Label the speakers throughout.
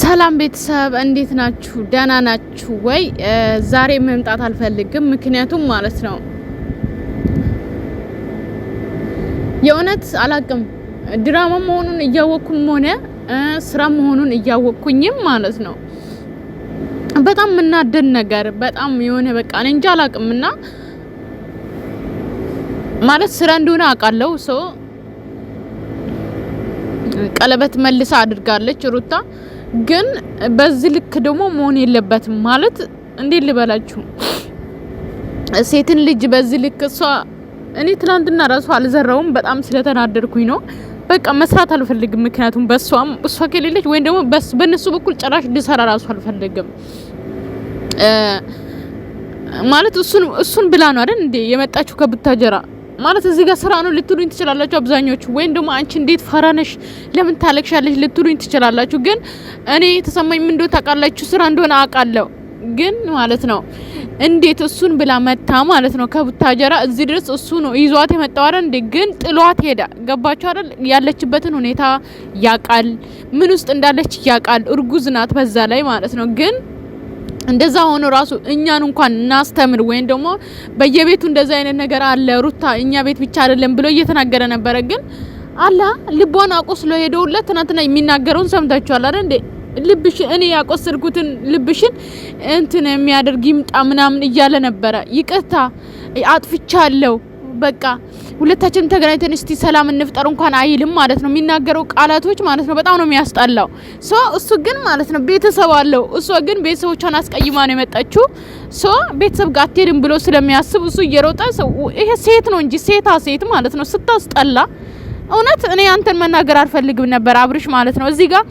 Speaker 1: ሰላም ቤተሰብ እንዴት ናችሁ? ደህና ናችሁ ወይ? ዛሬ መምጣት አልፈልግም። ምክንያቱም ማለት ነው የእውነት አላቅም ድራማ መሆኑን እያወቅኩም ሆነ ስራ መሆኑን እያወቅኩኝም ማለት ነው በጣም የምናደድ ነገር በጣም የሆነ በቃ እኔ እንጃ አላቅም እና ማለት ስራ እንደሆነ አውቃለሁ። ሰው ቀለበት መልሳ አድርጋለች ሩታ ግን በዚህ ልክ ደግሞ መሆን የለበትም ማለት እንዴት ልበላችሁ፣ ሴትን ልጅ በዚህ ልክ እሷ እኔ ትናንትና ራሱ አልዘራውም በጣም ስለተናደርኩኝ ነው። በቃ መስራት አልፈልግም። ምክንያቱም በእሷም እሷ ከሌለች ወይም ደግሞ በእነሱ በኩል ጭራሽ እንድሰራ ራሱ አልፈልግም ማለት እሱን እሱን ብላ ነው አይደል እንዴ የመጣችሁ ከብታጀራ ማለት እዚህ ጋር ስራ ነው ልትሉኝ ትችላላችሁ አብዛኞቹ። ወይም ደግሞ አንቺ እንዴት ፈራነሽ ለምን ታለቅሻለሽ ልትሉኝ ትችላላችሁ። ግን እኔ የተሰማኝ ምን ታውቃላችሁ። ስራ እንደሆነ አውቃለሁ። ግን ማለት ነው እንዴት እሱን ብላ መታ ማለት ነው ከቡታጀራ እዚህ ድረስ እሱ ነው ይዟት የመጣው አይደል እንዴ? ግን ጥሏት ሄዳ ገባችሁ አይደል? ያለችበትን ሁኔታ ያቃል፣ ምን ውስጥ እንዳለች ያቃል። እርጉዝ ናት በዛ ላይ ማለት ነው ግን እንደዛ ሆኖ ራሱ እኛን እንኳን እናስተምር ወይም ደግሞ በየቤቱ እንደዛ አይነት ነገር አለ ሩታ እኛ ቤት ብቻ አይደለም ብሎ እየተናገረ ነበረ። ግን አላ ልቧን አቆስሎ ሄደውለት ትናንትና የሚናገረውን ሰምታችኋል አይደል እንዴ? ልብሽ እኔ ያቆስልኩትን ልብሽን እንትን የሚያደርግ ይምጣ ምናምን እያለ ነበረ። ይቅርታ አጥፍቻለሁ በቃ ሁለታችንም ተገናኝተን እስቲ ሰላም እንፍጠር እንኳን አይልም ማለት ነው። የሚናገረው ቃላቶች ማለት ነው በጣም ነው የሚያስጠላው። ሶ እሱ ግን ማለት ነው ቤተሰብ አለው። እሷ ግን ቤተሰቦቿን አስቀይማ ነው የመጣችው። ሶ ቤተሰብ ጋር አትሄድም ብሎ ስለሚያስብ እሱ እየሮጠ ይሄ ሴት ነው እንጂ ሴታ ሴት ማለት ነው ስታስጠላ። እውነት እኔ አንተን መናገር አልፈልግም ነበር አብርሽ ማለት ነው እዚህ ጋር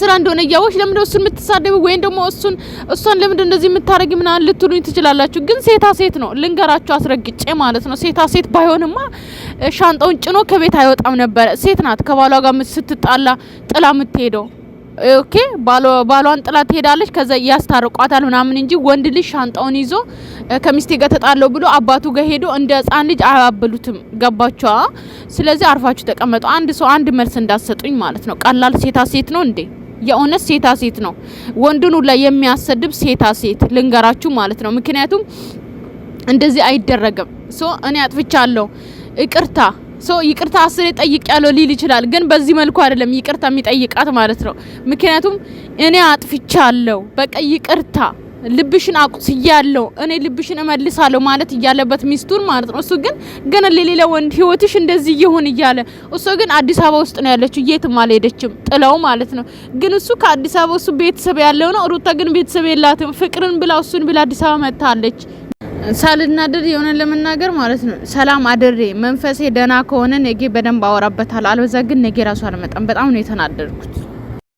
Speaker 1: ስራ እንደሆነ እያወቅሽ ለምንድነው እሱን የምትሳደቡ ወይም ደግሞ እሱን እሷን ለምንድነው እንደዚህ የምታደርጊ ምናምን ልትሉኝ ትችላላችሁ። ግን ሴታ ሴት ነው ልንገራችሁ፣ አስረግጬ ማለት ነው። ሴታ ሴት ባይሆንማ ሻንጣውን ጭኖ ከቤት አይወጣም ነበረ። ሴት ናት ከባሏ ጋር ስትጣላ ጥላ የምትሄደው። ኦኬ ባሏን ጥላ ትሄዳለች። ከዛ ያስታርቋታል ምናምን እንጂ ወንድ ልጅ ሻንጣውን ይዞ ከሚስቴ ጋር ተጣለው ብሎ አባቱ ጋር ሄዶ እንደ ህፃን ልጅ አያባብሉትም። ገባችኋ? ስለዚህ አርፋችሁ ተቀመጡ። አንድ ሰው አንድ መልስ እንዳሰጡኝ ማለት ነው። ቀላል ሴታ ሴት ነው እንዴ? የእውነት ሴታ ሴት ነው። ወንድኑ ላይ የሚያሰድብ ሴታ ሴት ልንገራችሁ ማለት ነው። ምክንያቱም እንደዚህ አይደረግም። ሶ እኔ አጥፍቻለሁ፣ ይቅርታ ሶ ይቅርታ አስሬ ጠይቅ ያለው ሊል ይችላል። ግን በዚህ መልኩ አይደለም ይቅርታ የሚጠይቃት ማለት ነው። ምክንያቱም እኔ አጥፍቻለሁ፣ በቃ ይቅርታ ልብሽን አቁስያለሁ፣ እኔ ልብሽን እመልሳለሁ ማለት እያለበት ሚስቱን ማለት ነው። እሱ ግን ገና ለሌላ ወንድ ህይወትሽ እንደዚህ ይሁን እያለ እሱ ግን አዲስ አበባ ውስጥ ነው ያለችው፣ የትም አልሄደችም ጥለው ማለት ነው። ግን እሱ ከአዲስ አበባ እሱ ቤተሰብ ያለው ነው። ሩታ ግን ቤተሰብ የላትም። ፍቅርን ብላ እሱን ብላ አዲስ አበባ መጥታለች።
Speaker 2: ሳልናደድ የሆነ ለመናገር ማለት ነው ሰላም አድሬ መንፈሴ ደህና ከሆነ ነገ በደንብ አወራበታል። አልበዛ ግን ነገ ራሱ አልመጣም። በጣም ነው የተናደድኩት።